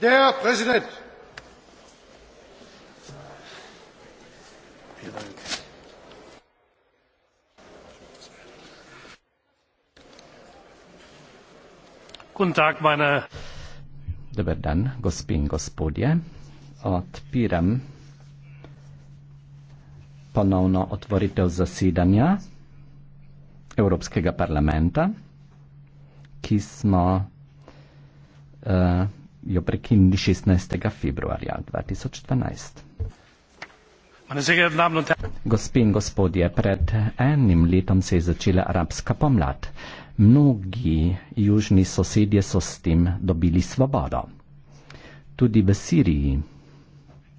Der Präsident. Vielen Dank. Guten Tag, meine. Dobar dan, gospin, gospodje. Otpiram ponovno otvoritev zasedanja. Evropskega parlamenta, ki smo uh, jo prekinili 16. februarja 2012. Gospe in gospodje, pred enim letom se je začela arabska pomlad. Mnogi južni sosedje so s tem dobili svobodo. Tudi v Siriji